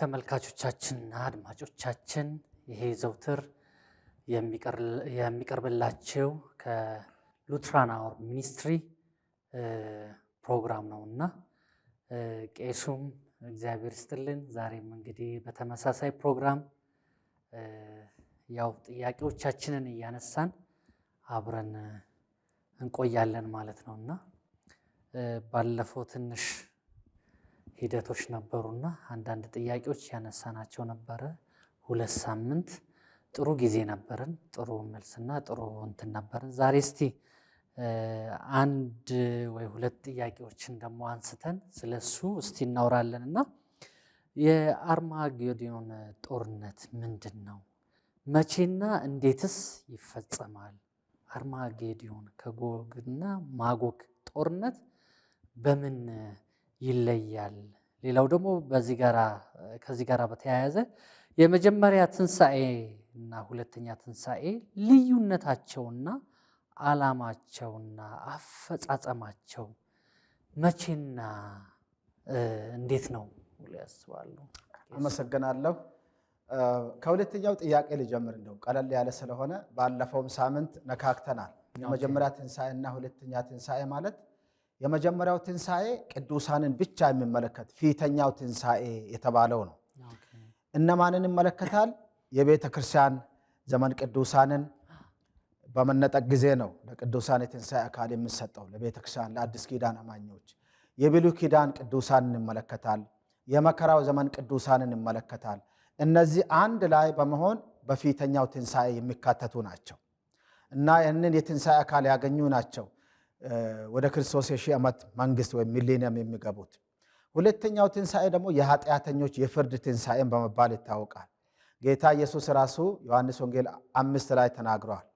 ተመልካቾቻችንና አድማጮቻችን ይሄ ዘውትር የሚቀርብላቸው ከሉትራን አወር ሚኒስትሪ ፕሮግራም ነው እና ቄሱም እግዚአብሔር ስጥልን ዛሬም እንግዲህ በተመሳሳይ ፕሮግራም ያው ጥያቄዎቻችንን እያነሳን አብረን እንቆያለን ማለት ነው እና ባለፈው ትንሽ ሂደቶች ነበሩና አንዳንድ ጥያቄዎች ያነሳናቸው ነበረ። ሁለት ሳምንት ጥሩ ጊዜ ነበረን። ጥሩ መልስና ጥሩ እንትን ነበረን። ዛሬ እስቲ አንድ ወይ ሁለት ጥያቄዎችን ደግሞ አንስተን ስለሱ እስቲ እናወራለን እና የአርማጌዶን ጦርነት ምንድን ነው? መቼና እንዴትስ ይፈጸማል? አርማጌዶን ከጎግና ማጎግ ጦርነት በምን ይለያል ሌላው ደግሞ ከዚህ ጋራ በተያያዘ የመጀመሪያ ትንሣኤ እና ሁለተኛ ትንሣኤ ልዩነታቸውና ዓላማቸውና አፈጻጸማቸው መቼና እንዴት ነው ያስባሉ? አመሰግናለሁ። ከሁለተኛው ጥያቄ ልጀምር። እንደው ቀለል ያለ ስለሆነ ባለፈውም ሳምንት ነካክተናል። የመጀመሪያ ትንሣኤ እና ሁለተኛ ትንሣኤ ማለት የመጀመሪያው ትንሣኤ ቅዱሳንን ብቻ የሚመለከት ፊተኛው ትንሣኤ የተባለው ነው። እነማንን ይመለከታል? የቤተ ክርስቲያን ዘመን ቅዱሳንን በመነጠቅ ጊዜ ነው ለቅዱሳን የትንሣኤ አካል የሚሰጠው ለቤተ ክርስቲያን ለአዲስ ኪዳን አማኞች። የብሉይ ኪዳን ቅዱሳንን ይመለከታል። የመከራው ዘመን ቅዱሳንን ይመለከታል። እነዚህ አንድ ላይ በመሆን በፊተኛው ትንሣኤ የሚካተቱ ናቸው እና ይህንን የትንሣኤ አካል ያገኙ ናቸው። ወደ ክርስቶስ የሺህ ዓመት መንግስት ወይም ሚሌኒየም የሚገቡት። ሁለተኛው ትንሣኤ ደግሞ የኃጢአተኞች የፍርድ ትንሣኤን በመባል ይታወቃል። ጌታ ኢየሱስ ራሱ ዮሐንስ ወንጌል አምስት ላይ ተናግረዋል።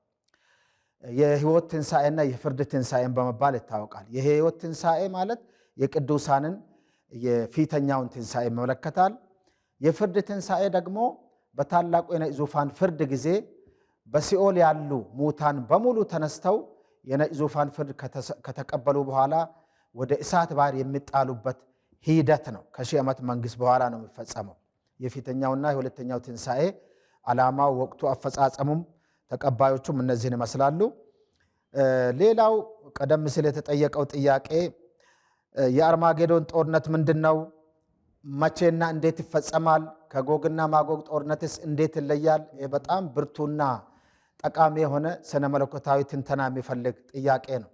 የህይወት ትንሣኤና የፍርድ ትንሣኤን በመባል ይታወቃል። የህይወት ትንሣኤ ማለት የቅዱሳንን የፊተኛውን ትንሣኤ ይመለከታል። የፍርድ ትንሣኤ ደግሞ በታላቁ ዙፋን ፍርድ ጊዜ በሲኦል ያሉ ሙታን በሙሉ ተነስተው የነጭ ዙፋን ፍርድ ከተቀበሉ በኋላ ወደ እሳት ባህር የሚጣሉበት ሂደት ነው። ከሺህ ዓመት መንግስት በኋላ ነው የሚፈጸመው። የፊተኛውና የሁለተኛው ትንሣኤ ዓላማው፣ ወቅቱ፣ አፈጻጸሙም ተቀባዮቹም እነዚህን ይመስላሉ። ሌላው ቀደም ሲል የተጠየቀው ጥያቄ የአርማጌዶን ጦርነት ምንድን ነው? መቼና እንዴት ይፈጸማል? ከጎግና ማጎግ ጦርነትስ እንዴት ይለያል? በጣም ብርቱና ጠቃሚ የሆነ ስነ መለኮታዊ ትንተና የሚፈልግ ጥያቄ ነው።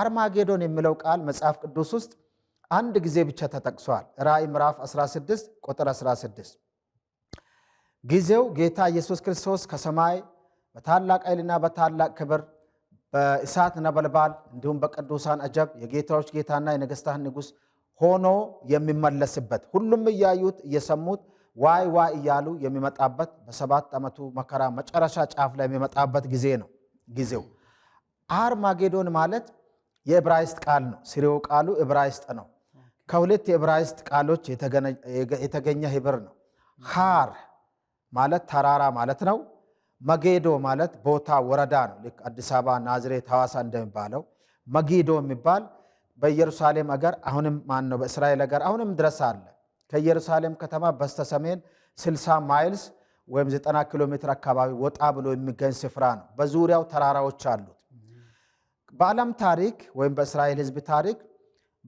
አርማጌዶን የሚለው ቃል መጽሐፍ ቅዱስ ውስጥ አንድ ጊዜ ብቻ ተጠቅሷል። ራእይ ምዕራፍ 16 ቁጥር 16 ጊዜው ጌታ ኢየሱስ ክርስቶስ ከሰማይ በታላቅ ኃይልና በታላቅ ክብር በእሳት ነበልባል እንዲሁም በቅዱሳን አጀብ የጌታዎች ጌታና የነገስታት ንጉሥ ሆኖ የሚመለስበት ሁሉም እያዩት እየሰሙት ዋይ ዋይ እያሉ የሚመጣበት በሰባት ዓመቱ መከራ መጨረሻ ጫፍ ላይ የሚመጣበት ጊዜ ነው ጊዜው። አርማጌዶን ማለት የዕብራይስጥ ቃል ነው። ስሬው ቃሉ ዕብራይስጥ ነው። ከሁለት የዕብራይስጥ ቃሎች የተገኘ ህብር ነው። ሃር ማለት ተራራ ማለት ነው። መጌዶ ማለት ቦታ ወረዳ ነው። ልክ አዲስ አበባ፣ ናዝሬት፣ ሐዋሳ እንደሚባለው መጌዶ የሚባል በኢየሩሳሌም አገር አሁንም ማን ነው በእስራኤል አገር አሁንም ድረስ አለ። ከኢየሩሳሌም ከተማ በስተሰሜን 60 ማይልስ ወይም 90 ኪሎ ሜትር አካባቢ ወጣ ብሎ የሚገኝ ስፍራ ነው። በዙሪያው ተራራዎች አሉት። በዓለም ታሪክ ወይም በእስራኤል ሕዝብ ታሪክ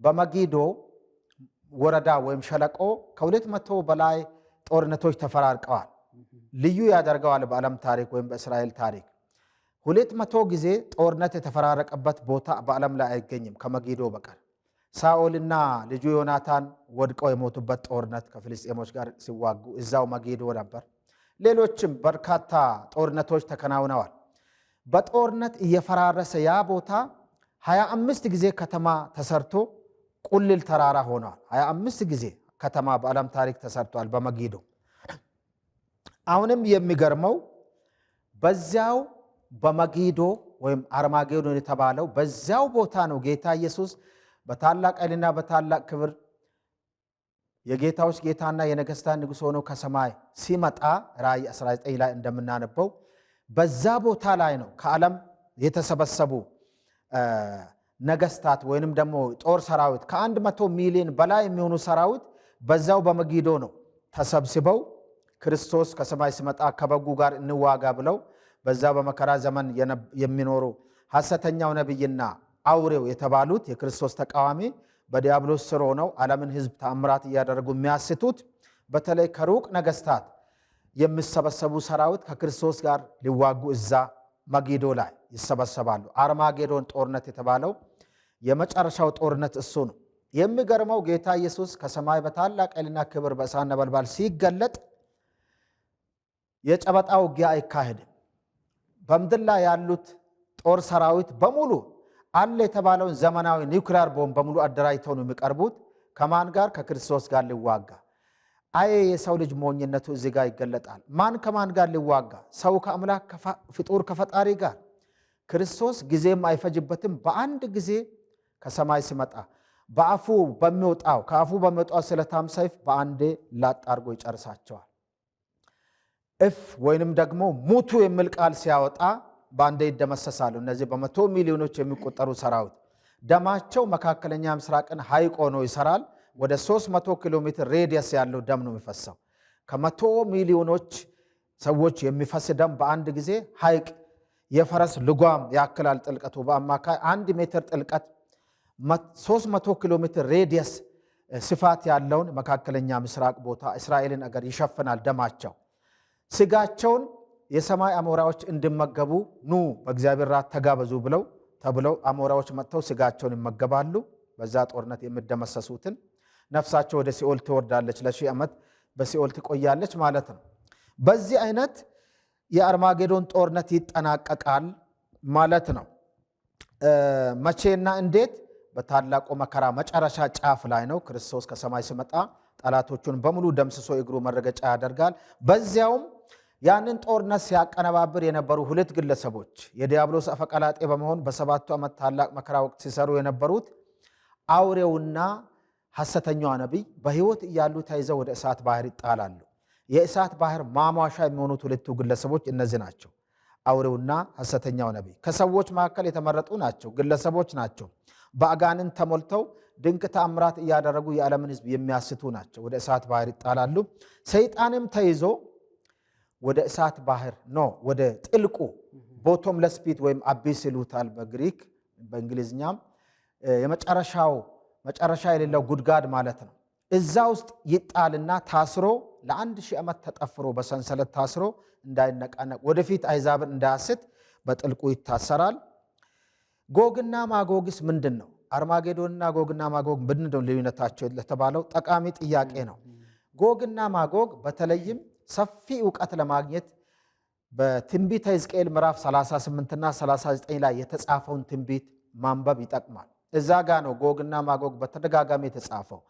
በመጊዶ ወረዳ ወይም ሸለቆ ከሁለት መቶ በላይ ጦርነቶች ተፈራርቀዋል። ልዩ ያደርገዋል በዓለም ታሪክ ወይም በእስራኤል ታሪክ ሁለት መቶ ጊዜ ጦርነት የተፈራረቀበት ቦታ በዓለም ላይ አይገኝም ከመጊዶ በቀር። ሳኦልና ልጁ ዮናታን ወድቀው የሞቱበት ጦርነት ከፍልስጤሞች ጋር ሲዋጉ እዛው መጌዶ ነበር። ሌሎችም በርካታ ጦርነቶች ተከናውነዋል። በጦርነት እየፈራረሰ ያ ቦታ 25 ጊዜ ከተማ ተሰርቶ ቁልል ተራራ ሆኗል። 25 ጊዜ ከተማ በዓለም ታሪክ ተሰርቷል በመጌዶ። አሁንም የሚገርመው በዚያው በመጌዶ ወይም አርማጌዶን የተባለው በዚያው ቦታ ነው ጌታ ኢየሱስ በታላቅ ኃይልና በታላቅ ክብር የጌታዎች ጌታና የነገስታት ንጉሥ ሆኖ ከሰማይ ሲመጣ ራእይ 19 ላይ እንደምናነበው በዛ ቦታ ላይ ነው ከዓለም የተሰበሰቡ ነገስታት ወይንም ደግሞ ጦር ሰራዊት ከአንድ መቶ ሚሊዮን በላይ የሚሆኑ ሰራዊት በዛው በመጊዶ ነው ተሰብስበው ክርስቶስ ከሰማይ ሲመጣ ከበጉ ጋር እንዋጋ ብለው በዛ በመከራ ዘመን የሚኖሩ ሐሰተኛው ነቢይና አውሬው የተባሉት የክርስቶስ ተቃዋሚ በዲያብሎስ ስር ሆነው ዓለምን ህዝብ ተአምራት እያደረጉ የሚያስቱት በተለይ ከሩቅ ነገስታት የሚሰበሰቡ ሰራዊት ከክርስቶስ ጋር ሊዋጉ እዛ መጊዶ ላይ ይሰበሰባሉ። አርማጌዶን ጦርነት የተባለው የመጨረሻው ጦርነት እሱ ነው። የሚገርመው ጌታ ኢየሱስ ከሰማይ በታላቅ ኃይልና ክብር በእሳት ነበልባል ሲገለጥ የጨበጣ ውጊያ አይካሄድም። በምድር ላይ ያሉት ጦር ሰራዊት በሙሉ አለ የተባለውን ዘመናዊ ኒውክሊያር ቦምብ በሙሉ አደራጅተው ነው የሚቀርቡት። ከማን ጋር? ከክርስቶስ ጋር ሊዋጋ። አየ የሰው ልጅ ሞኝነቱ እዚህ ጋር ይገለጣል። ማን ከማን ጋር ሊዋጋ? ሰው ከአምላክ ፍጡር ከፈጣሪ ጋር። ክርስቶስ ጊዜም አይፈጅበትም። በአንድ ጊዜ ከሰማይ ሲመጣ በአፉ በሚወጣው ከአፉ በሚወጣው ስለታም ሰይፍ በአንዴ ላጥ አድርጎ ይጨርሳቸዋል። እፍ ወይንም ደግሞ ሙቱ የሚል ቃል ሲያወጣ በአንዴ ይደመሰሳሉ። እነዚህ በመቶ ሚሊዮኖች የሚቆጠሩ ሰራዊት ደማቸው መካከለኛ ምስራቅን ሀይቅ ሆኖ ይሰራል። ወደ 300 ኪሎ ሜትር ሬዲየስ ያለው ደም ነው የሚፈሰው። ከመቶ ሚሊዮኖች ሰዎች የሚፈስ ደም በአንድ ጊዜ ሀይቅ የፈረስ ልጓም ያክላል። ጥልቀቱ በአማካይ አንድ ሜትር ጥልቀት 300 ኪሎ ሜትር ሬዲየስ ስፋት ያለውን መካከለኛ ምስራቅ ቦታ እስራኤልን አገር ይሸፍናል። ደማቸው ስጋቸውን የሰማይ አሞራዎች እንዲመገቡ ኑ በእግዚአብሔር ራት ተጋበዙ ብለው ተብለው አሞራዎች መጥተው ስጋቸውን ይመገባሉ። በዛ ጦርነት የሚደመሰሱትን ነፍሳቸው ወደ ሲኦል ትወርዳለች፣ ለሺህ ዓመት በሲኦል ትቆያለች ማለት ነው። በዚህ አይነት የአርማጌዶን ጦርነት ይጠናቀቃል ማለት ነው። መቼና እንዴት? በታላቁ መከራ መጨረሻ ጫፍ ላይ ነው። ክርስቶስ ከሰማይ ሲመጣ ጠላቶቹን በሙሉ ደምስሶ እግሩ መረገጫ ያደርጋል። በዚያውም ያንን ጦርነት ሲያቀነባብር የነበሩ ሁለት ግለሰቦች የዲያብሎስ አፈቀላጤ በመሆን በሰባቱ ዓመት ታላቅ መከራ ወቅት ሲሰሩ የነበሩት አውሬውና ሐሰተኛዋ ነቢይ በሕይወት እያሉ ተይዘው ወደ እሳት ባህር ይጣላሉ። የእሳት ባህር ማሟሻ የሚሆኑት ሁለቱ ግለሰቦች እነዚህ ናቸው። አውሬውና ሐሰተኛው ነቢይ ከሰዎች መካከል የተመረጡ ናቸው፣ ግለሰቦች ናቸው። በአጋንንት ተሞልተው ድንቅ ተአምራት እያደረጉ የዓለምን ሕዝብ የሚያስቱ ናቸው። ወደ እሳት ባህር ይጣላሉ። ሰይጣንም ተይዞ ወደ እሳት ባህር ኖ ወደ ጥልቁ ቦቶም ለስፒት ወይም አቢስ ይሉታል በግሪክ በእንግሊዝኛም የመጨረሻው መጨረሻ የሌለው ጉድጋድ ማለት ነው። እዛ ውስጥ ይጣልና ታስሮ ለአንድ ሺህ ዓመት ተጠፍሮ በሰንሰለት ታስሮ እንዳይነቃነቅ ወደፊት አይዛብን እንዳያስት በጥልቁ ይታሰራል። ጎግና ማጎግስ ምንድን ነው? አርማጌዶንና ጎግና ማጎግ ምንድን ነው ልዩነታቸው? ለተባለው ጠቃሚ ጥያቄ ነው። ጎግና ማጎግ በተለይም ሰፊ እውቀት ለማግኘት በትንቢተ ሕዝቅኤል ምዕራፍ 38 እና 39 ላይ የተጻፈውን ትንቢት ማንበብ ይጠቅማል። እዛ ጋ ነው ጎግና ማጎግ በተደጋጋሚ የተጻፈው።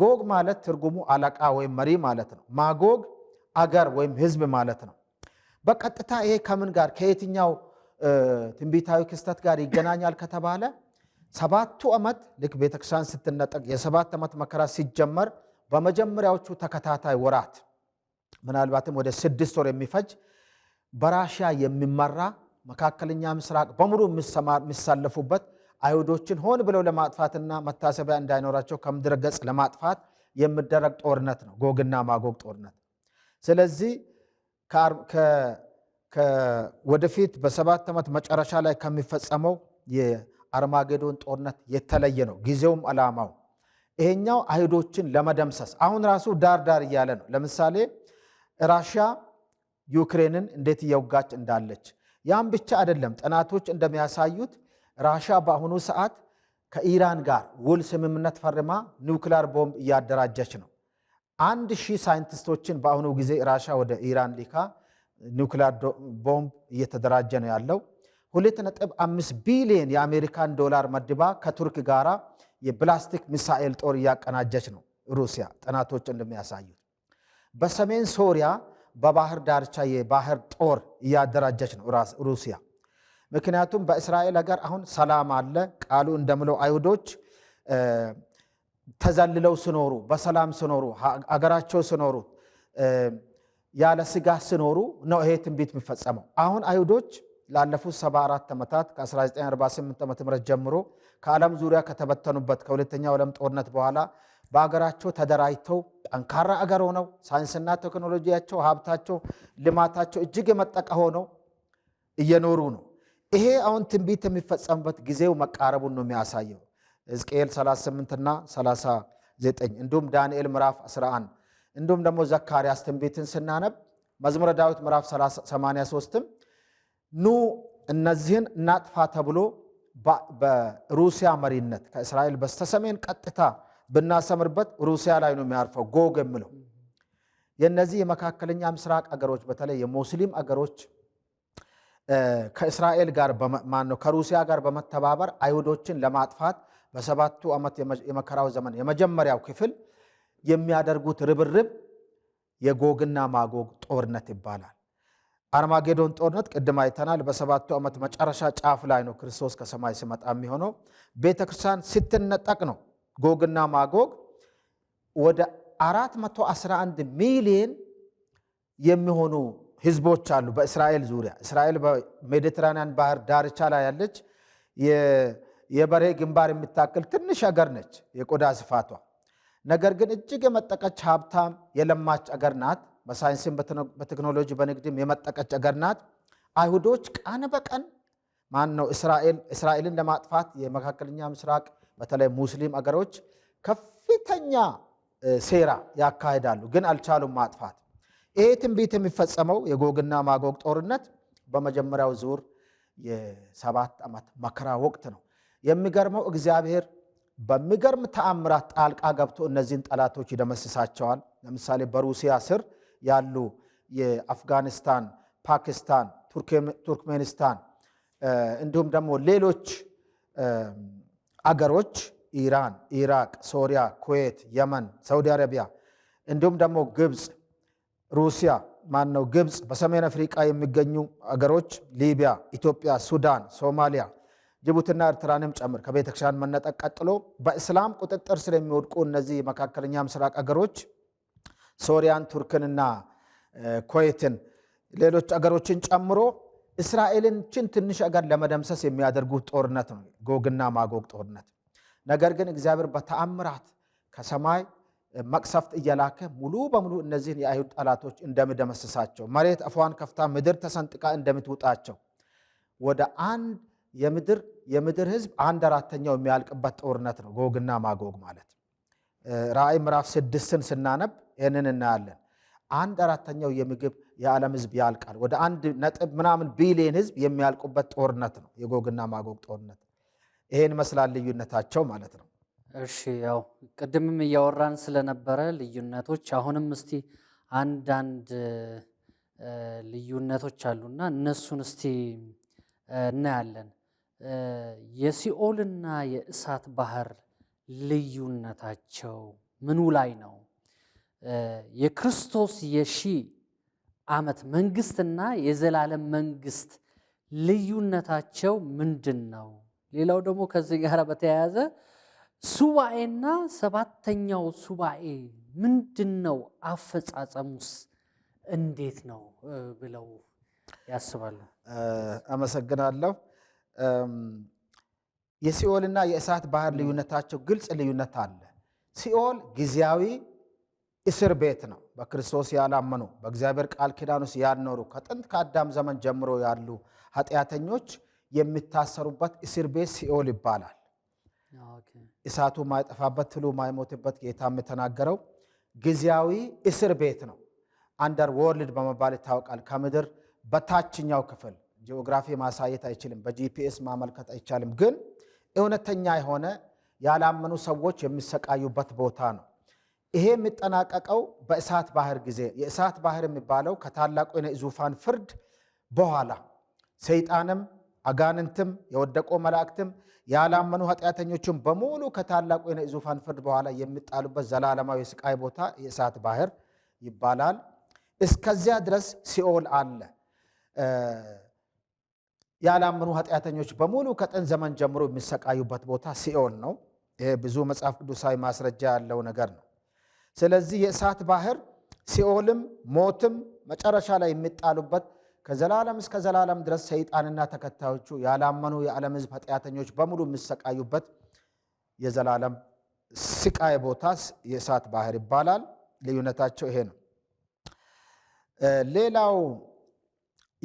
ጎግ ማለት ትርጉሙ አለቃ ወይም መሪ ማለት ነው። ማጎግ አገር ወይም ህዝብ ማለት ነው። በቀጥታ ይሄ ከምን ጋር ከየትኛው ትንቢታዊ ክስተት ጋር ይገናኛል ከተባለ ሰባቱ ዓመት ልክ ቤተክርስቲያን ስትነጠቅ የሰባት ዓመት መከራ ሲጀመር በመጀመሪያዎቹ ተከታታይ ወራት ምናልባትም ወደ ስድስት ወር የሚፈጅ በራሽያ የሚመራ መካከለኛ ምስራቅ በሙሉ የሚሳለፉበት አይሁዶችን ሆን ብለው ለማጥፋትና መታሰቢያ እንዳይኖራቸው ከምድረ ገጽ ለማጥፋት የሚደረግ ጦርነት ነው፣ ጎግና ማጎግ ጦርነት። ስለዚህ ወደፊት በሰባት ዓመት መጨረሻ ላይ ከሚፈጸመው የአርማጌዶን ጦርነት የተለየ ነው። ጊዜውም አላማው ይሄኛው አይሁዶችን ለመደምሰስ አሁን ራሱ ዳር ዳር እያለ ነው። ለምሳሌ ራሻ ዩክሬንን እንዴት እየወጋች እንዳለች። ያም ብቻ አይደለም፣ ጥናቶች እንደሚያሳዩት ራሻ በአሁኑ ሰዓት ከኢራን ጋር ውል ስምምነት ፈርማ ኒውክሊያር ቦምብ እያደራጀች ነው። አንድ ሺህ ሳይንቲስቶችን በአሁኑ ጊዜ ራሻ ወደ ኢራን ሊካ ኒውክሊያር ቦምብ እየተደራጀ ነው ያለው። ሁለት ነጥብ አምስት ቢሊዮን የአሜሪካን ዶላር መድባ ከቱርክ ጋር የፕላስቲክ ሚሳኤል ጦር እያቀናጀች ነው ሩሲያ ጥናቶች እንደሚያሳዩት በሰሜን ሶሪያ በባህር ዳርቻ የባህር ጦር እያደራጀች ነው ሩሲያ። ምክንያቱም በእስራኤል ሀገር አሁን ሰላም አለ። ቃሉ እንደምለው አይሁዶች ተዘልለው ስኖሩ፣ በሰላም ስኖሩ፣ አገራቸው ስኖሩ፣ ያለ ስጋት ስኖሩ ነው ይሄ ትንቢት የሚፈጸመው። አሁን አይሁዶች ላለፉት 74 ዓመታት ከ1948 ዓ ም ጀምሮ ከዓለም ዙሪያ ከተበተኑበት ከሁለተኛው ዓለም ጦርነት በኋላ በሀገራቸው ተደራጅተው ጠንካራ አገር ሆነው ሳይንስና ቴክኖሎጂያቸው፣ ሀብታቸው፣ ልማታቸው እጅግ የመጠቀ ሆነው እየኖሩ ነው። ይሄ አሁን ትንቢት የሚፈጸምበት ጊዜው መቃረቡን ነው የሚያሳየው። ሕዝቅኤል 38 እና 39 እንዲሁም ዳንኤል ምዕራፍ 11 እንዲሁም ደግሞ ዘካርያስ ትንቢትን ስናነብ መዝሙረ ዳዊት ምዕራፍ 83ም ኑ እነዚህን እናጥፋ ተብሎ በሩሲያ መሪነት ከእስራኤል በስተሰሜን ቀጥታ ብናሰምርበት ሩሲያ ላይ ነው የሚያርፈው። ጎግ የምለው የእነዚህ የመካከለኛ ምስራቅ አገሮች በተለይ የሙስሊም አገሮች ከእስራኤል ጋር ማነው ከሩሲያ ጋር በመተባበር አይሁዶችን ለማጥፋት በሰባቱ ዓመት የመከራው ዘመን የመጀመሪያው ክፍል የሚያደርጉት ርብርብ የጎግና ማጎግ ጦርነት ይባላል። አርማጌዶን ጦርነት ቅድም አይተናል። በሰባቱ ዓመት መጨረሻ ጫፍ ላይ ነው ክርስቶስ ከሰማይ ሲመጣ የሚሆነው። ቤተክርስቲያን ስትነጠቅ ነው ጎግና ማጎግ ወደ 411 ሚሊዮን የሚሆኑ ህዝቦች አሉ በእስራኤል ዙሪያ። እስራኤል በሜዲትራኒያን ባህር ዳርቻ ላይ ያለች የበሬ ግንባር የምታክል ትንሽ አገር ነች የቆዳ ስፋቷ። ነገር ግን እጅግ የመጠቀች ሀብታም፣ የለማች አገር ናት። በሳይንስም በቴክኖሎጂ በንግድም የመጠቀች አገር ናት። አይሁዶች ቀን በቀን ማን ነው እስራኤልን ለማጥፋት የመካከለኛ ምስራቅ በተለይ ሙስሊም አገሮች ከፍተኛ ሴራ ያካሂዳሉ፣ ግን አልቻሉም ማጥፋት። ይሄ ትንቢት የሚፈጸመው የጎግና ማጎግ ጦርነት በመጀመሪያው ዙር የሰባት ዓመት መከራ ወቅት ነው። የሚገርመው እግዚአብሔር በሚገርም ተአምራት ጣልቃ ገብቶ እነዚህን ጠላቶች ይደመስሳቸዋል። ለምሳሌ በሩሲያ ስር ያሉ የአፍጋኒስታን፣ ፓኪስታን፣ ቱርክሜኒስታን እንዲሁም ደግሞ ሌሎች አገሮች ኢራን፣ ኢራቅ፣ ሶሪያ፣ ኩዌት፣ የመን፣ ሳውዲ አረቢያ እንዲሁም ደግሞ ግብፅ፣ ሩሲያ ማን ነው ግብፅ፣ በሰሜን አፍሪቃ የሚገኙ አገሮች ሊቢያ፣ ኢትዮጵያ፣ ሱዳን፣ ሶማሊያ፣ ጅቡትና ኤርትራንም ጨምር ከቤተክርስቲያን መነጠቅ ቀጥሎ በእስላም ቁጥጥር ስር የሚወድቁ እነዚህ መካከለኛ ምስራቅ አገሮች ሶሪያን፣ ቱርክንና ኩዌትን ሌሎች አገሮችን ጨምሮ ችን ትንሽ አገር ለመደምሰስ የሚያደርጉት ጦርነት ነው፣ ጎግና ማጎግ ጦርነት። ነገር ግን እግዚአብሔር በተአምራት ከሰማይ መቅሰፍት እየላከ ሙሉ በሙሉ እነዚህን የአይሁድ ጠላቶች እንደምደመስሳቸው መሬት አፏን ከፍታ ምድር ተሰንጥቃ እንደምትውጣቸው ወደ አንድ የምድር የምድር ህዝብ አንድ አራተኛው የሚያልቅበት ጦርነት ነው ጎግና ማጎግ ማለት። ራእይ ምዕራፍ ስድስትን ስናነብ ይህንን እናያለን። አንድ አራተኛው የምግብ የዓለም ህዝብ ያልቃል። ወደ አንድ ነጥብ ምናምን ቢሊየን ህዝብ የሚያልቁበት ጦርነት ነው የጎግና ማጎግ ጦርነት። ይሄን ይመስላል ልዩነታቸው ማለት ነው። እሺ ያው ቅድምም እያወራን ስለነበረ ልዩነቶች፣ አሁንም እስቲ አንዳንድ ልዩነቶች አሉና እነሱን እስቲ እናያለን። የሲኦልና የእሳት ባህር ልዩነታቸው ምኑ ላይ ነው? የክርስቶስ የሺ ዓመት መንግስትና የዘላለም መንግስት ልዩነታቸው ምንድን ነው? ሌላው ደግሞ ከዚህ ጋር በተያያዘ ሱባኤና ሰባተኛው ሱባኤ ምንድን ነው? አፈጻጸሙስ እንዴት ነው ብለው ያስባሉ? አመሰግናለሁ። የሲኦልና የእሳት ባህር ልዩነታቸው ግልጽ ልዩነት አለ። ሲኦል ጊዜያዊ እስር ቤት ነው። በክርስቶስ ያላመኑ በእግዚአብሔር ቃል ኪዳን ውስጥ ያልኖሩ ከጥንት ከአዳም ዘመን ጀምሮ ያሉ ኃጢአተኞች የሚታሰሩበት እስር ቤት ሲኦል ይባላል። እሳቱ ማይጠፋበት ትሉ ማይሞትበት ጌታ የተናገረው ጊዜያዊ እስር ቤት ነው። አንደር ወርልድ በመባል ይታወቃል። ከምድር በታችኛው ክፍል ጂኦግራፊ ማሳየት አይችልም፣ በጂፒኤስ ማመልከት አይቻልም። ግን እውነተኛ የሆነ ያላመኑ ሰዎች የሚሰቃዩበት ቦታ ነው። ይሄ የሚጠናቀቀው በእሳት ባህር ጊዜ። የእሳት ባህር የሚባለው ከታላቁ የነጭ ዙፋን ፍርድ በኋላ ሰይጣንም አጋንንትም የወደቆ መላእክትም ያላመኑ ኃጢአተኞችም በሙሉ ከታላቁ የነጭ ዙፋን ፍርድ በኋላ የሚጣሉበት ዘላለማዊ ስቃይ ቦታ የእሳት ባህር ይባላል። እስከዚያ ድረስ ሲኦል አለ። ያላመኑ ኃጢአተኞች በሙሉ ከጥንት ዘመን ጀምሮ የሚሰቃዩበት ቦታ ሲኦል ነው። ብዙ መጽሐፍ ቅዱሳዊ ማስረጃ ያለው ነገር ነው። ስለዚህ የእሳት ባህር ሲኦልም ሞትም መጨረሻ ላይ የሚጣሉበት ከዘላለም እስከ ዘላለም ድረስ ሰይጣንና ተከታዮቹ ያላመኑ የዓለም ሕዝብ ኃጢአተኞች በሙሉ የሚሰቃዩበት የዘላለም ስቃይ ቦታ የእሳት ባህር ይባላል። ልዩነታቸው ይሄ ነው። ሌላው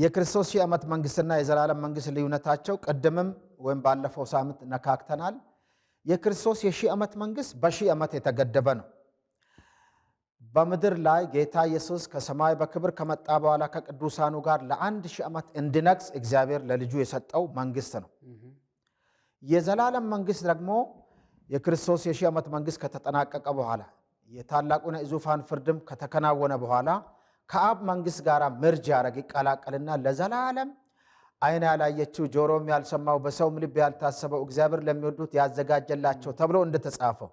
የክርስቶስ ሺህ ዓመት መንግስትና የዘላለም መንግስት ልዩነታቸው ቅድምም ወይም ባለፈው ሳምንት ነካክተናል። የክርስቶስ የሺህ ዓመት መንግስት በሺህ ዓመት የተገደበ ነው። በምድር ላይ ጌታ ኢየሱስ ከሰማይ በክብር ከመጣ በኋላ ከቅዱሳኑ ጋር ለአንድ ሺህ ዓመት እንዲነግስ እግዚአብሔር ለልጁ የሰጠው መንግስት ነው። የዘላለም መንግስት ደግሞ የክርስቶስ የሺህ ዓመት መንግስት ከተጠናቀቀ በኋላ የታላቁን ዙፋን ፍርድም ከተከናወነ በኋላ ከአብ መንግስት ጋር ምርጅ ያደረግ ይቀላቀልና ለዘላለም ዓይን ያላየችው ጆሮም ያልሰማው በሰውም ልብ ያልታሰበው እግዚአብሔር ለሚወዱት ያዘጋጀላቸው ተብሎ እንደተጻፈው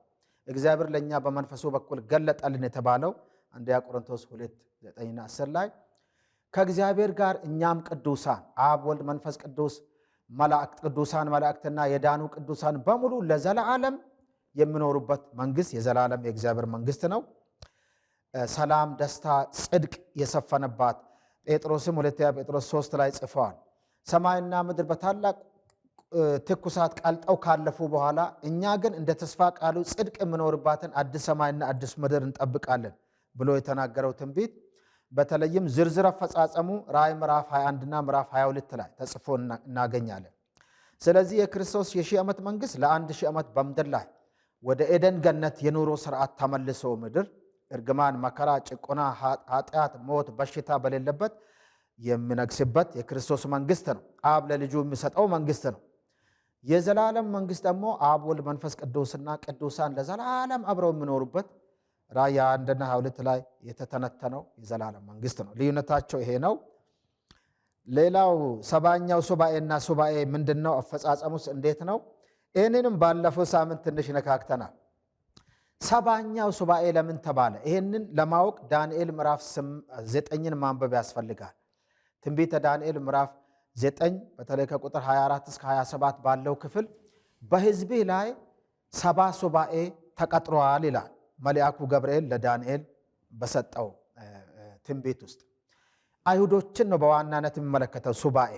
እግዚአብሔር ለእኛ በመንፈሱ በኩል ገለጠልን የተባለው አንደኛ ቆሮንቶስ ሁለት ዘጠኝና አስር ላይ ከእግዚአብሔር ጋር እኛም ቅዱሳን አብ፣ ወልድ፣ መንፈስ ቅዱስ ቅዱሳን መላእክትና የዳኑ ቅዱሳን በሙሉ ለዘላለም የሚኖሩበት መንግስት የዘላለም የእግዚአብሔር መንግስት ነው። ሰላም፣ ደስታ፣ ጽድቅ የሰፈነባት ጴጥሮስም ሁለተኛ ጴጥሮስ ሶስት ላይ ጽፈዋል። ሰማይና ምድር በታላቅ ትኩሳት ቀልጠው ካለፉ በኋላ እኛ ግን እንደ ተስፋ ቃሉ ጽድቅ የምኖርባትን አዲስ ሰማይና አዲስ ምድር እንጠብቃለን ብሎ የተናገረው ትንቢት በተለይም ዝርዝር አፈጻጸሙ ራእይ ምዕራፍ 21ና ምዕራፍ 22 ላይ ተጽፎ እናገኛለን። ስለዚህ የክርስቶስ የሺህ ዓመት መንግሥት ለአንድ ሺህ ዓመት በምድር ላይ ወደ ኤደን ገነት የኑሮ ስርዓት ተመልሶ ምድር እርግማን፣ መከራ፣ ጭቆና፣ ኃጢአት፣ ሞት፣ በሽታ በሌለበት የሚነግስበት የክርስቶስ መንግሥት ነው። አብ ለልጁ የሚሰጠው መንግሥት ነው። የዘላለም መንግስት ደግሞ አብ ወልድ መንፈስ ቅዱስና ቅዱሳን ለዘላለም አብረው የሚኖሩበት ራእይ አንድና ሁለት ላይ የተተነተነው የዘላለም መንግስት ነው። ልዩነታቸው ይሄ ነው። ሌላው ሰባኛው ሱባኤና ሱባኤ ምንድን ነው? አፈጻጸሙስ እንዴት ነው? ይህንንም ባለፈው ሳምንት ትንሽ ነካክተናል። ሰባኛው ሱባኤ ለምን ተባለ? ይህንን ለማወቅ ዳንኤል ምዕራፍ ዘጠኝን ማንበብ ያስፈልጋል። ትንቢተ ዳንኤል ምዕራፍ ዘጠኝ በተለይ ከቁጥር 24 እስከ 27 ባለው ክፍል በሕዝቤ ላይ ሰባ ሱባኤ ተቀጥሯል ይላል መልአኩ ገብርኤል ለዳንኤል በሰጠው ትንቢት ውስጥ አይሁዶችን ነው በዋናነት የሚመለከተው። ሱባኤ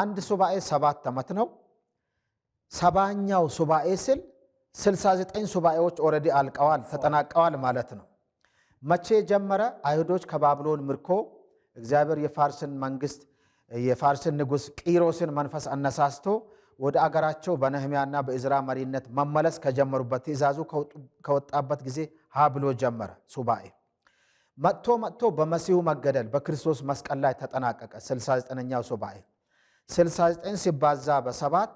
አንድ ሱባኤ ሰባት ዓመት ነው። ሰባኛው ሱባኤ ስል 69 ሱባኤዎች ኦልሬዲ አልቀዋል ተጠናቀዋል ማለት ነው። መቼ ጀመረ? አይሁዶች ከባቢሎን ምርኮ እግዚአብሔር የፋርስን መንግስት የፋርስን ንጉሥ ቂሮስን መንፈስ አነሳስቶ ወደ አገራቸው በነህሚያና በእዝራ መሪነት መመለስ ከጀመሩበት ትእዛዙ ከወጣበት ጊዜ ሀ ብሎ ጀመረ ሱባኤ። መጥቶ መጥቶ በመሲሁ መገደል በክርስቶስ መስቀል ላይ ተጠናቀቀ። 69ኛው ሱባኤ 69 ሲባዛ በሰባት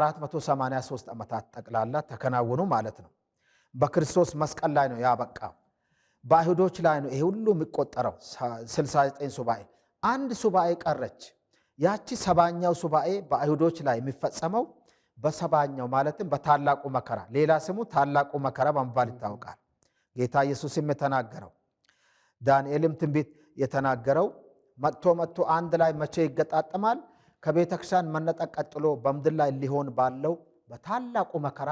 483 ዓመታት ጠቅላላ ተከናወኑ ማለት ነው። በክርስቶስ መስቀል ላይ ነው ያበቃው። በአይሁዶች ላይ ነው ይሄ ሁሉ የሚቆጠረው 69 ሱባኤ አንድ ሱባኤ ቀረች። ያቺ ሰባኛው ሱባኤ በአይሁዶች ላይ የሚፈጸመው በሰባኛው ማለትም በታላቁ መከራ፣ ሌላ ስሙ ታላቁ መከራ በመባል ይታወቃል። ጌታ ኢየሱስም የተናገረው ዳንኤልም ትንቢት የተናገረው መጥቶ መጥቶ አንድ ላይ መቼ ይገጣጠማል? ከቤተ ክርስቲያን መነጠቅ ቀጥሎ በምድር ላይ ሊሆን ባለው በታላቁ መከራ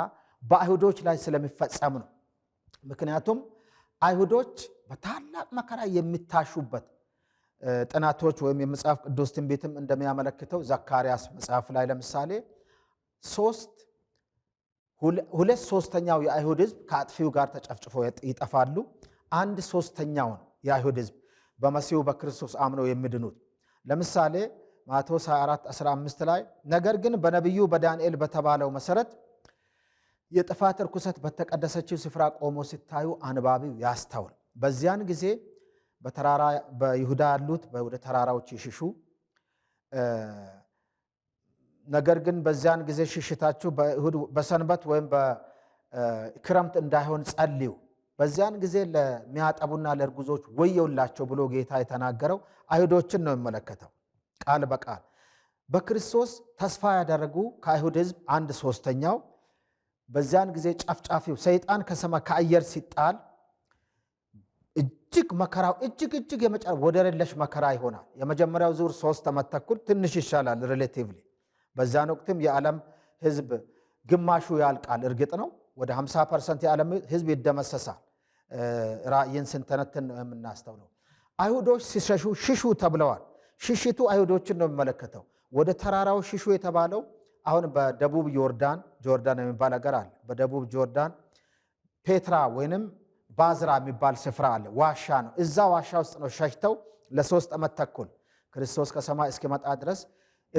በአይሁዶች ላይ ስለሚፈጸም ነው። ምክንያቱም አይሁዶች በታላቅ መከራ የሚታሹበት ጥናቶች ወይም የመጽሐፍ ቅዱስ ትንቢትም እንደሚያመለክተው ዘካርያስ መጽሐፍ ላይ ለምሳሌ ሶስት ሁለት ሶስተኛው የአይሁድ ህዝብ ከአጥፊው ጋር ተጨፍጭፎ ይጠፋሉ። አንድ ሶስተኛውን የአይሁድ ህዝብ በመሲሁ በክርስቶስ አምነው የሚድኑት ለምሳሌ ማቴዎስ 24 15 ላይ ነገር ግን በነቢዩ በዳንኤል በተባለው መሰረት የጥፋት ርኩሰት በተቀደሰችው ስፍራ ቆሞ ሲታዩ አንባቢው ያስተውል፣ በዚያን ጊዜ በተራራ በይሁዳ ያሉት ወደ ተራራዎች ይሽሹ። ነገር ግን በዚያን ጊዜ ሽሽታችሁ በሰንበት ወይም በክረምት እንዳይሆን ጸልዩ። በዚያን ጊዜ ለሚያጠቡና ለእርጉዞች ወየውላቸው ብሎ ጌታ የተናገረው አይሁዶችን ነው የሚመለከተው ቃል በቃል በክርስቶስ ተስፋ ያደረጉ ከአይሁድ ሕዝብ አንድ ሶስተኛው በዚያን ጊዜ ጫፍጫፊው ሰይጣን ከሰማይ ከአየር ሲጣል እጅግ መከራው እጅግ እጅግ ወደር የለሽ መከራ ይሆናል። የመጀመሪያው ዙር ሶስት ዓመት ተኩል ትንሽ ይሻላል ሪሌቲቭሊ። በዛን ወቅትም የዓለም ህዝብ ግማሹ ያልቃል። እርግጥ ነው ወደ 50 ፐርሰንት የዓለም ህዝብ ይደመሰሳል። ራእይን ስንተነትን ነው አይሁዶች ሲሸሹ ሽሹ ተብለዋል። ሽሽቱ አይሁዶችን ነው የሚመለከተው። ወደ ተራራው ሽሹ የተባለው አሁን በደቡብ ዮርዳን ጆርዳን የሚባል ሀገር አለ። በደቡብ ጆርዳን ፔትራ ወይንም ባዝራ የሚባል ስፍራ አለ። ዋሻ ነው። እዛ ዋሻ ውስጥ ነው ሸሽተው ለሶስት ዓመት ተኩል ክርስቶስ ከሰማይ እስኪመጣ ድረስ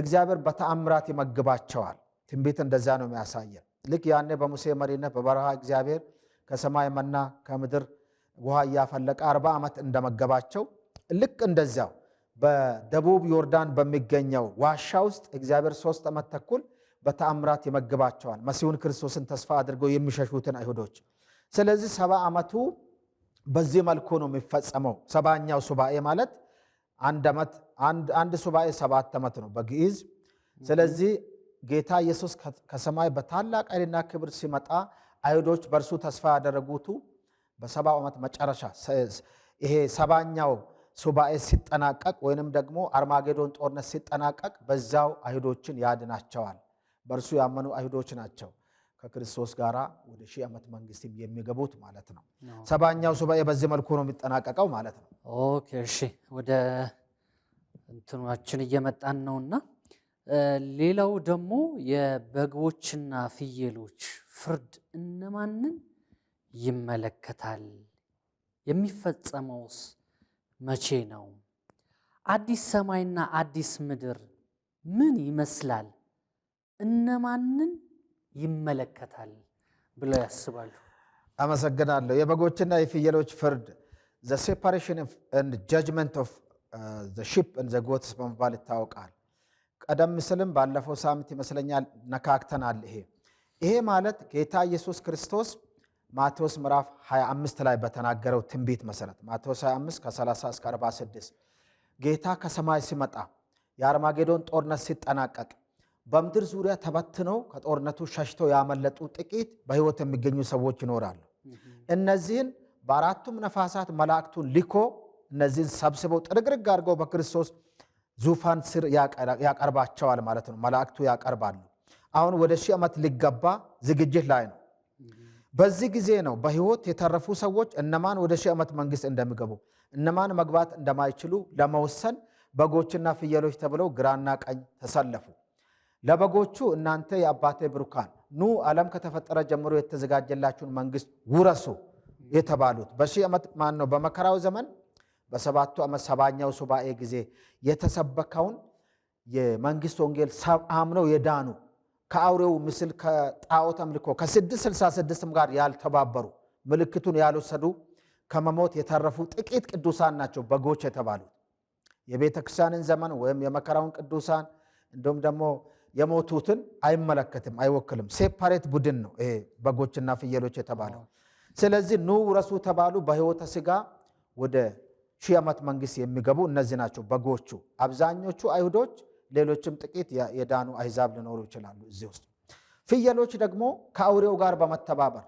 እግዚአብሔር በተአምራት ይመግባቸዋል። ትንቢት እንደዛ ነው የሚያሳየን። ልክ ያኔ በሙሴ መሪነት በበረሃ እግዚአብሔር ከሰማይ መና ከምድር ውሃ እያፈለቀ አርባ ዓመት እንደመገባቸው ልክ እንደዚያው በደቡብ ዮርዳን በሚገኘው ዋሻ ውስጥ እግዚአብሔር ሶስት ዓመት ተኩል በተአምራት ይመግባቸዋል። መሲሁን ክርስቶስን ተስፋ አድርገው የሚሸሹትን አይሁዶች ስለዚህ ሰባ ዓመቱ በዚህ መልኩ ነው የሚፈጸመው። ሰባኛው ሱባኤ ማለት አንድ ሱባኤ ሰባት ዓመት ነው በግዕዝ። ስለዚህ ጌታ ኢየሱስ ከሰማይ በታላቅ ኃይልና ክብር ሲመጣ አይሁዶች በእርሱ ተስፋ ያደረጉቱ በሰባው ዓመት መጨረሻ ይሄ ሰባኛው ሱባኤ ሲጠናቀቅ ወይንም ደግሞ አርማጌዶን ጦርነት ሲጠናቀቅ በዛው አይሁዶችን ያድናቸዋል። በእርሱ ያመኑ አይሁዶች ናቸው። ከክርስቶስ ጋር ወደ ሺህ ዓመት መንግስትም የሚገቡት ማለት ነው። ሰባኛው ሱባኤ በዚህ መልኩ ነው የሚጠናቀቀው ማለት ነው። ኦኬ እሺ፣ ወደ እንትኗችን እየመጣን ነውና ሌላው ደግሞ የበጎችና ፍየሎች ፍርድ እነማንን ይመለከታል? የሚፈጸመውስ መቼ ነው? አዲስ ሰማይና አዲስ ምድር ምን ይመስላል? እነማንን ይመለከታል ብለው ያስባሉ? አመሰግናለሁ። የበጎችና የፍየሎች ፍርድ ዘ ሴፓሬሽን ኤንድ ጃጅመንት ኦፍ ዘ ሺፕ ኤንድ ዘ ጎትስ በመባል ይታወቃል። ቀደም ስልም ባለፈው ሳምንት ይመስለኛል ነካክተናል። ይሄ ይሄ ማለት ጌታ ኢየሱስ ክርስቶስ ማቴዎስ ምዕራፍ 25 ላይ በተናገረው ትንቢት መሰረት ማቴዎስ 25 ከ30 እስከ 46 ጌታ ከሰማይ ሲመጣ የአርማጌዶን ጦርነት ሲጠናቀቅ በምድር ዙሪያ ተበትነው ከጦርነቱ ሸሽተው ያመለጡ ጥቂት በህይወት የሚገኙ ሰዎች ይኖራሉ። እነዚህን በአራቱም ነፋሳት መላእክቱን ልኮ እነዚህን ሰብስበው ጥርግርግ አድርገው በክርስቶስ ዙፋን ስር ያቀርባቸዋል ማለት ነው። መላእክቱ ያቀርባሉ። አሁን ወደ ሺህ ዓመት ሊገባ ዝግጅት ላይ ነው። በዚህ ጊዜ ነው በህይወት የተረፉ ሰዎች እነማን ወደ ሺህ ዓመት መንግስት እንደሚገቡ እነማን መግባት እንደማይችሉ ለመወሰን በጎችና ፍየሎች ተብለው ግራና ቀኝ ተሰለፉ። ለበጎቹ እናንተ የአባቴ ብሩካን ኑ ዓለም ከተፈጠረ ጀምሮ የተዘጋጀላችሁን መንግስት ውረሱ የተባሉት በሺህ ዓመት ማን ነው በመከራው ዘመን በሰባቱ ዓመት ሰባኛው ሱባኤ ጊዜ የተሰበከውን የመንግስት ወንጌል አምነው የዳኑ ከአውሬው ምስል ከጣዖት አምልኮ ከ666ም ጋር ያልተባበሩ ምልክቱን ያልወሰዱ ከመሞት የተረፉ ጥቂት ቅዱሳን ናቸው በጎች የተባሉት የቤተ ክርስቲያንን ዘመን ወይም የመከራውን ቅዱሳን እንዲሁም ደግሞ የሞቱትን አይመለከትም፣ አይወክልም። ሴፓሬት ቡድን ነው በጎችና ፍየሎች የተባለው። ስለዚህ ኑ ውረሱ ተባሉ። በህይወተ ስጋ ወደ ሺህ ዓመት መንግስት የሚገቡ እነዚህ ናቸው በጎቹ። አብዛኞቹ አይሁዶች፣ ሌሎችም ጥቂት የዳኑ አሕዛብ ሊኖሩ ይችላሉ እዚህ ውስጥ። ፍየሎች ደግሞ ከአውሬው ጋር በመተባበር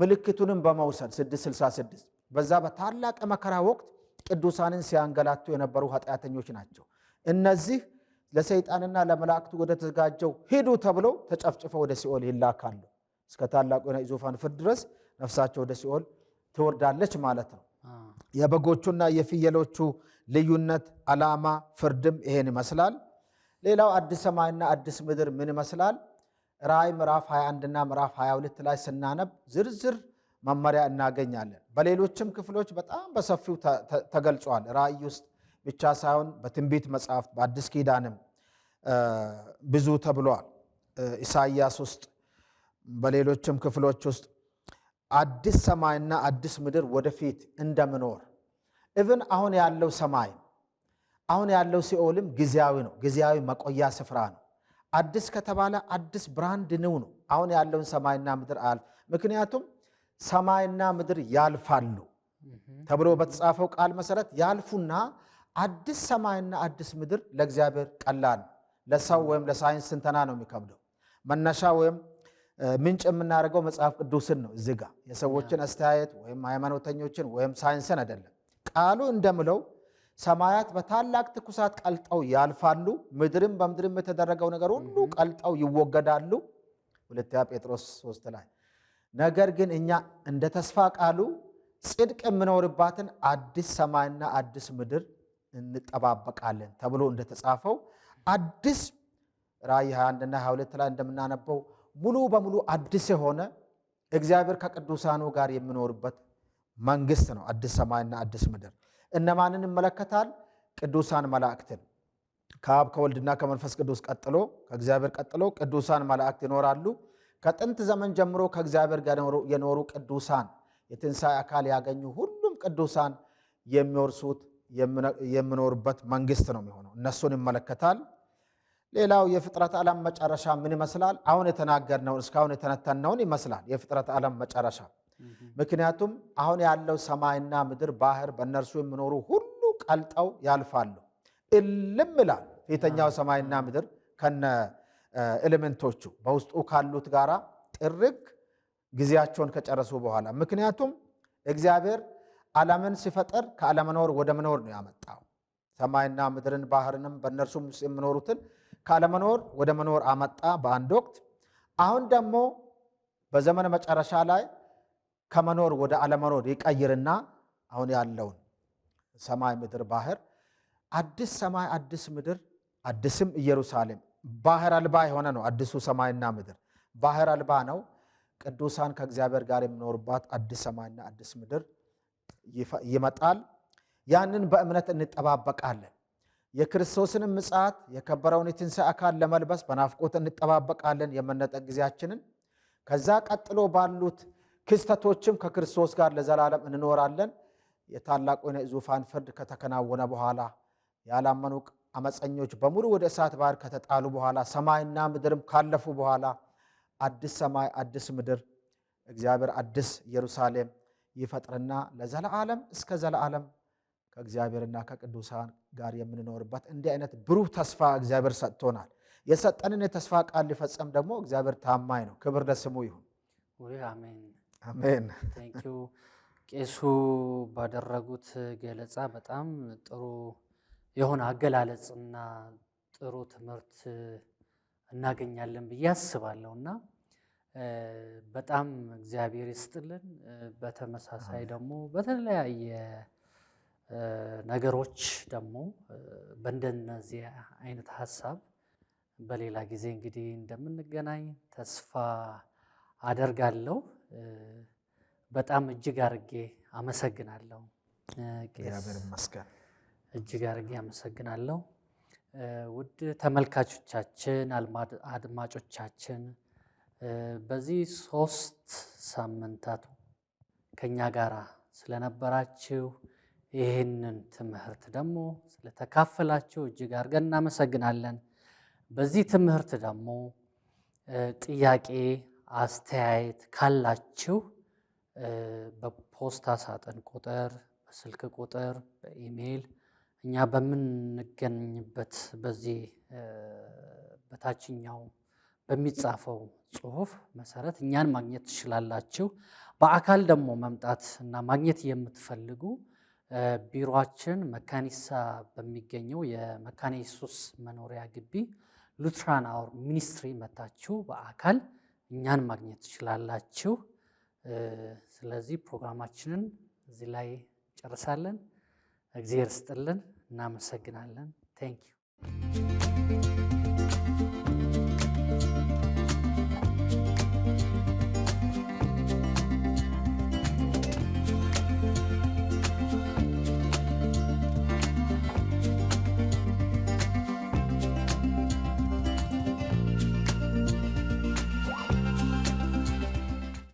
ምልክቱንም በመውሰድ 666 በዛ በታላቅ መከራ ወቅት ቅዱሳንን ሲያንገላቱ የነበሩ ኃጢአተኞች ናቸው እነዚህ ለሰይጣንና ለመላእክቱ ወደ ተዘጋጀው ሂዱ ተብለው ተጨፍጭፈው ወደ ሲኦል ይላካሉ። እስከ ታላቁ የናይ ዙፋን ፍርድ ድረስ ነፍሳቸው ወደ ሲኦል ትወርዳለች ማለት ነው። የበጎቹና የፍየሎቹ ልዩነት ዓላማ፣ ፍርድም ይሄን ይመስላል። ሌላው አዲስ ሰማይና አዲስ ምድር ምን ይመስላል? ራእይ ምዕራፍ 21 እና ምዕራፍ 22 ላይ ስናነብ ዝርዝር መመሪያ እናገኛለን። በሌሎችም ክፍሎች በጣም በሰፊው ተገልጿል። ራእይ ውስጥ ብቻ ሳይሆን በትንቢት መጽሐፍ በአዲስ ኪዳንም ብዙ ተብሏል። ኢሳይያስ ውስጥ በሌሎችም ክፍሎች ውስጥ አዲስ ሰማይና አዲስ ምድር ወደፊት እንደምኖር እብን አሁን ያለው ሰማይ አሁን ያለው ሲኦልም ጊዜያዊ ነው። ጊዜያዊ መቆያ ስፍራ ነው። አዲስ ከተባለ አዲስ ብራንድ ንው ነው። አሁን ያለውን ሰማይና ምድር አያልፍ። ምክንያቱም ሰማይና ምድር ያልፋሉ ተብሎ በተጻፈው ቃል መሰረት ያልፉና አዲስ ሰማይና አዲስ ምድር ለእግዚአብሔር ቀላል ለሰው ወይም ለሳይንስ ስንተና ነው የሚከብደው። መነሻ ወይም ምንጭ የምናደርገው መጽሐፍ ቅዱስን ነው። እዚህ ጋር የሰዎችን አስተያየት ወይም ሃይማኖተኞችን ወይም ሳይንስን አይደለም። ቃሉ እንደምለው ሰማያት በታላቅ ትኩሳት ቀልጠው ያልፋሉ፣ ምድርም በምድርም የተደረገው ነገር ሁሉ ቀልጠው ይወገዳሉ። ሁለተኛ ጴጥሮስ ሶስት ላይ ነገር ግን እኛ እንደ ተስፋ ቃሉ ጽድቅ የምኖርባትን አዲስ ሰማይና አዲስ ምድር እንጠባበቃለን ተብሎ እንደተጻፈው አዲስ ራእይ 21 እና 22 ላይ እንደምናነበው ሙሉ በሙሉ አዲስ የሆነ እግዚአብሔር ከቅዱሳኑ ጋር የሚኖርበት መንግስት ነው። አዲስ ሰማይና አዲስ ምድር እነማንን ይመለከታል? ቅዱሳን መላእክትን ከአብ ከወልድና ከመንፈስ ቅዱስ ቀጥሎ ከእግዚአብሔር ቀጥሎ ቅዱሳን መላእክት ይኖራሉ። ከጥንት ዘመን ጀምሮ ከእግዚአብሔር ጋር የኖሩ ቅዱሳን የትንሣኤ አካል ያገኙ ሁሉም ቅዱሳን የሚወርሱት የምኖርበት መንግስት ነው የሚሆነው። እነሱን ይመለከታል። ሌላው የፍጥረት ዓለም መጨረሻ ምን ይመስላል? አሁን የተናገርነውን እስካሁን የተነተነውን ይመስላል የፍጥረት ዓለም መጨረሻ። ምክንያቱም አሁን ያለው ሰማይና ምድር፣ ባህር፣ በእነርሱ የሚኖሩ ሁሉ ቀልጠው ያልፋሉ። እልም ይላል ፊተኛው ሰማይና ምድር ከነ ኤሌመንቶቹ በውስጡ ካሉት ጋራ ጥርግ ጊዜያቸውን ከጨረሱ በኋላ ምክንያቱም እግዚአብሔር ዓለምን ሲፈጠር ከአለመኖር ወደ መኖር ነው ያመጣው። ሰማይና ምድርን ባህርንም በእነርሱም ውስጥ የሚኖሩትን ከአለመኖር ወደ መኖር አመጣ በአንድ ወቅት። አሁን ደግሞ በዘመን መጨረሻ ላይ ከመኖር ወደ አለመኖር ይቀይርና አሁን ያለውን ሰማይ፣ ምድር፣ ባህር አዲስ ሰማይ፣ አዲስ ምድር፣ አዲስም ኢየሩሳሌም ባህር አልባ የሆነ ነው። አዲሱ ሰማይና ምድር ባህር አልባ ነው። ቅዱሳን ከእግዚአብሔር ጋር የሚኖሩባት አዲስ ሰማይና አዲስ ምድር ይመጣል። ያንን በእምነት እንጠባበቃለን። የክርስቶስንም ምጽአት የከበረውን የትንሣኤ አካል ለመልበስ በናፍቆት እንጠባበቃለን የመነጠቅ ጊዜያችንን። ከዛ ቀጥሎ ባሉት ክስተቶችም ከክርስቶስ ጋር ለዘላለም እንኖራለን። የታላቁ ዙፋን ፍርድ ከተከናወነ በኋላ ያላመኑ አመፀኞች በሙሉ ወደ እሳት ባህር ከተጣሉ በኋላ ሰማይና ምድርም ካለፉ በኋላ አዲስ ሰማይ፣ አዲስ ምድር፣ እግዚአብሔር አዲስ ኢየሩሳሌም ይፈጥርና ለዘለዓለም እስከ ዘለዓለም ከእግዚአብሔርና ከቅዱሳን ጋር የምንኖርበት እንዲህ አይነት ብሩህ ተስፋ እግዚአብሔር ሰጥቶናል። የሰጠንን የተስፋ ቃል ሊፈጸም ደግሞ እግዚአብሔር ታማኝ ነው። ክብር ለስሙ ይሁን። አሜን። ቴንኪው ቄሱ ባደረጉት ገለጻ በጣም ጥሩ የሆነ አገላለጽና ጥሩ ትምህርት እናገኛለን ብዬ አስባለሁ እና በጣም እግዚአብሔር ይስጥልን። በተመሳሳይ ደግሞ በተለያየ ነገሮች ደግሞ በእንደነዚህ አይነት ሀሳብ በሌላ ጊዜ እንግዲህ እንደምንገናኝ ተስፋ አደርጋለሁ። በጣም እጅግ አርጌ አመሰግናለሁ። እጅግ አርጌ አመሰግናለሁ። ውድ ተመልካቾቻችን፣ አድማጮቻችን በዚህ ሶስት ሳምንታት ከኛ ጋር ስለነበራችሁ ይህንን ትምህርት ደግሞ ስለተካፈላችሁ እጅግ አድርገን እናመሰግናለን። በዚህ ትምህርት ደግሞ ጥያቄ፣ አስተያየት ካላችሁ በፖስታ ሳጥን ቁጥር፣ በስልክ ቁጥር፣ በኢሜይል እኛ በምንገኝበት በዚህ በታችኛው በሚጻፈው ጽሁፍ መሰረት እኛን ማግኘት ትችላላችሁ። በአካል ደግሞ መምጣት እና ማግኘት የምትፈልጉ ቢሮችን መካኒሳ በሚገኘው የመካነ ኢየሱስ መኖሪያ ግቢ ሉትራን አውር ሚኒስትሪ መታችሁ በአካል እኛን ማግኘት ትችላላችሁ። ስለዚህ ፕሮግራማችንን እዚህ ላይ ጨርሳለን እግዚአብሔር ስጥልን። እናመሰግናለን። ቴንክ ዩ